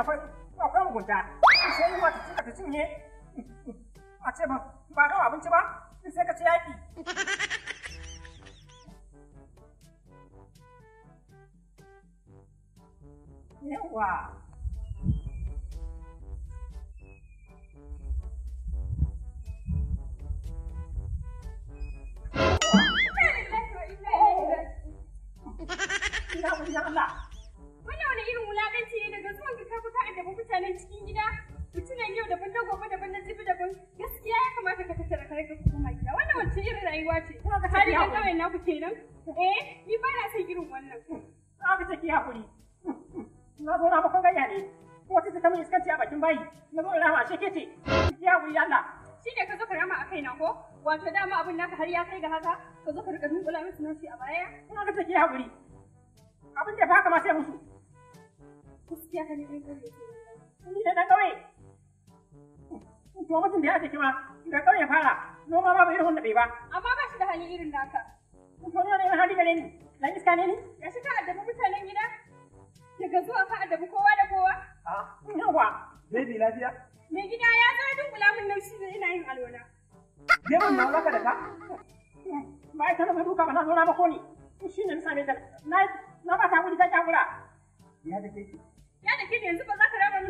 akwai mugunta sai yiwa ta cika ta cinye a ce ba ba kawo abinci ba sai ka ci yaki yawa ba na son irin wannan. za Haka take haƙuri. Na zo na makon ganya ne. Wata ta kama iskanci a bakin bayi. Na zo rama a ke ce. Ya wuri yalla. Shi ne ka zo ka rama a kaina ko? Wato dama abin naka har ya kai ga haka? Ka zo ka riƙa dunkula musu nashi a baya? Haka take haƙuri. Abin da ba haka ma sai musu. Gaskiya ka ne ɗan kare ke. Ni da ɗan ƙauye. To mutum da ya take ma da ƙauye fara noma ba bai irin wanda bai ba. Amma ba shi da hali irin naka. Mutum ne hali gare ni. Dan iska ne Ya shi ka addabi mutanen gida? Daga zuwa ka addabi kowa da kowa? A, yawa. Baby lafiya? Mai gida ya zo ya dunkula min nan shi ina yin alwala. Yawan na zaka da ka? Ba ita na duka ba na zo na mako ni. Shi ne na same ta. Na ba ta wuri ta kyakura. Ya da ke? Ya da ke yanzu ba za ka raba min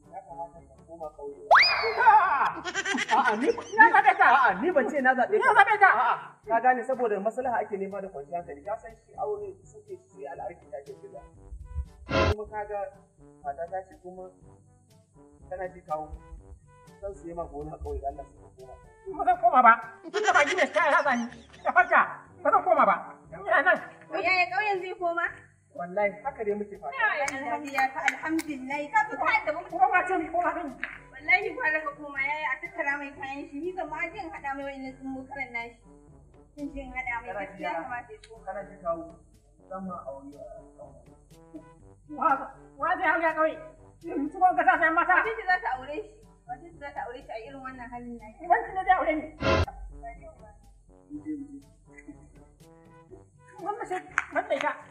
A'a ni na ce na zaɓe gane saboda maslaha ake nema da kwanciyar hankali ka san shi aure suke su yi al'arki ta ke gida. Kuma ka ga mata ta ce kuma tana ji kawo. Zan su yi ma gona kawai Allah su koma. Ba zan koma ba. da Da farka ba zan koma ba. nan. Ya ya ƙauyen zai koma? wallahi haka dai muke fata alhamdulillah ka alhamdulillah ka fita da mu kuma wace mu kuma din wallahi gwara ka koma yayi a tattara mai kayan shi ni ma jin hada mai wani sun mukaran nashi kin jin hada mai gaskiya ma sai ko kana ji kawo dan ma aure wa wa da ya kawai mutum ka sa sai mata wace za ta aure shi wace za ta aure shi a irin wannan halin nashi. wace ne zai aure ni wannan shi wannan ita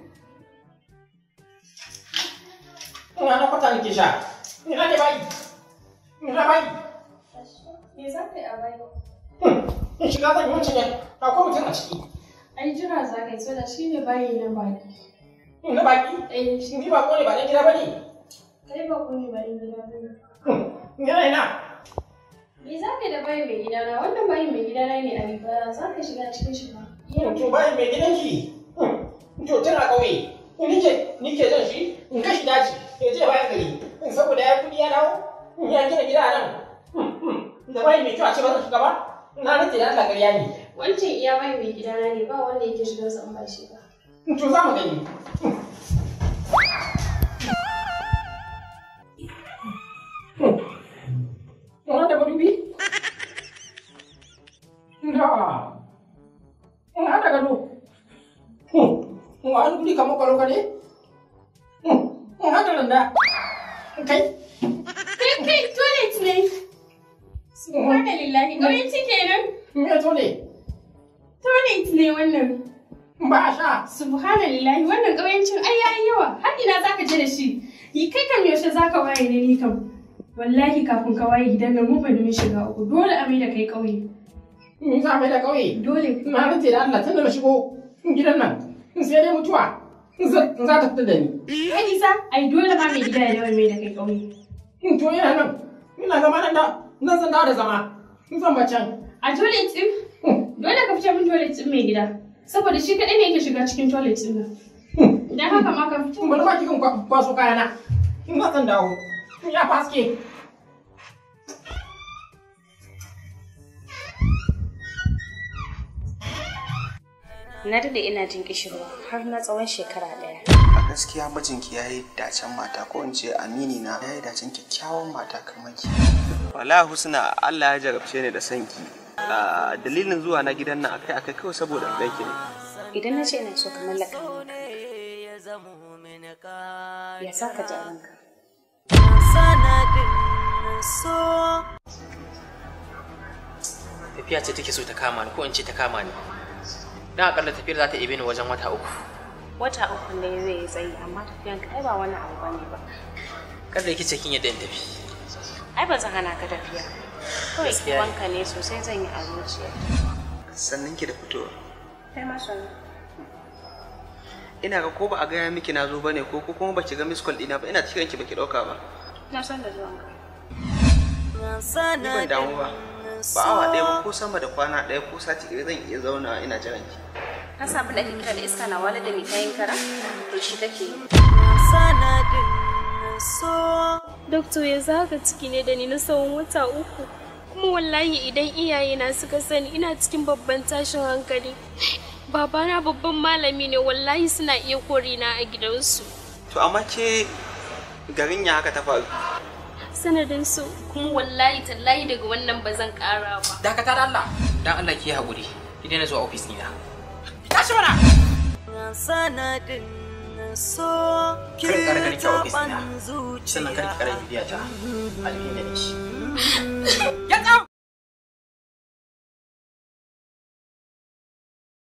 ranar kwata nake sha ni rane bai ni rane bai me za ka yi a bai hmm. in shiga zan yi wancan ne ba ko mutum a ciki ai jira za ka yi so da shi ne bayi na baki na baki eh ni ba ko ne ba na gida ba ne kai ba ko ne ba na gida ba ne gida hmm. ina me za ka yi da bayi mai gida na wannan bayi mai gida na ne a riba za ka shiga cikin shi ba to bayi mai gidanki hmm. to tana ƙauye Ni ke zan shi in kashi daji ke je bayan gari saboda ya kudi ya dawo ya gina gida nan da bai mai kyau a ce ba shiga ba na rage da gariya ne wancan iya bai mai gida na ne ba wanda yake shiga sa ba shi ba to za mu gani ba dubi da in wa an kamar ne Muhadarında. Kai. Kai kai toilet ne. Subhanallahi. Ƙwarai ci kenan. Me toilet? Toilet ne wannan. Basha. sha. Subhanallahi wannan ƙauyancin ai yayi yawa. Har ina zaka je da shi? Yi kai kam yaushe zaka waye ne ni kam? Wallahi kafin ka waye gidan nan mun fadi mun shiga uku. Dole a mai da kai ƙauye. Ni za mai da ƙauye? Dole. Na rantse da Allah tun da shigo gidan nan. Sai dai mutuwa. za ta fita da ni. Ai Isa, ai dole ma mai gida ya dawo mai da kai ƙauye. Hmm, to yana nan, ina zama nan da nan zan dawo da zama. san ba can. A toilet ɗin? Hmm. Dole ka fita min toilet ɗin mai gida. Saboda shi kaɗai ne yake shiga cikin toilet ɗin nan. Hmm. Dan haka ma ka fita. Bari ma kikin kwaso kayana. Ina zan dawo. Ya faske. Na daɗe ina jin kishirwa har na tsawon shekara ɗaya. A gaskiya mijinki ya yi dacen mata ko in ce amini na ya yi dacen kyakkyawan mata kamar ki. Wallahi Husna Allah ya jarabce ni da sanki. Dalilin zuwa na gidan nan akai akai kawai saboda ganki ne. Idan na ce ina so ka mallaka ni. Ya sa ka ji ranka. Tafiya ce take so ta kama ni ko in ce ta kama ni. dan akalla tafiyar za ta ibe ni wajen wata uku wata uku ne zai yi tsayi amma tafiyan ka ai ba wani abu ba ne ba Kar da ki kin yadda in tafi ai ba zan hana ka tafiya kawai ki wanka ne sosai zan yi abinci. sannan ki da fitowa kai ma sannan ina ga ko ba a gaya miki na zo bane ko ko kuma ba ki ga miss call ɗina ba ina cikin ki baki ɗauka ba na san da zuwanka ban damu ba ba awa ɗaya ba ko sama da kwana ɗaya ko sati ɗaya zan iya zauna ina jiran ki ka samu da kira da iska na wala da mai kayan kara to shi take sanadin so doctor ya zaga ciki ne da ni na tsawon wata uku kuma wallahi idan iyaye na suka sani ina cikin babban tashin hankali babana babban malami ne wallahi suna iya korina a gidansu to amma ke garin ya haka ta faru sanadin su kuma wallahi tallahi daga wannan ba zan kara ba dakatar da Allah dan Allah ki hakuri ki daina zuwa office ni na tashi mana sanadin so ki ta ban zuciya sannan kar ki kare biya ta alheri ne shi ya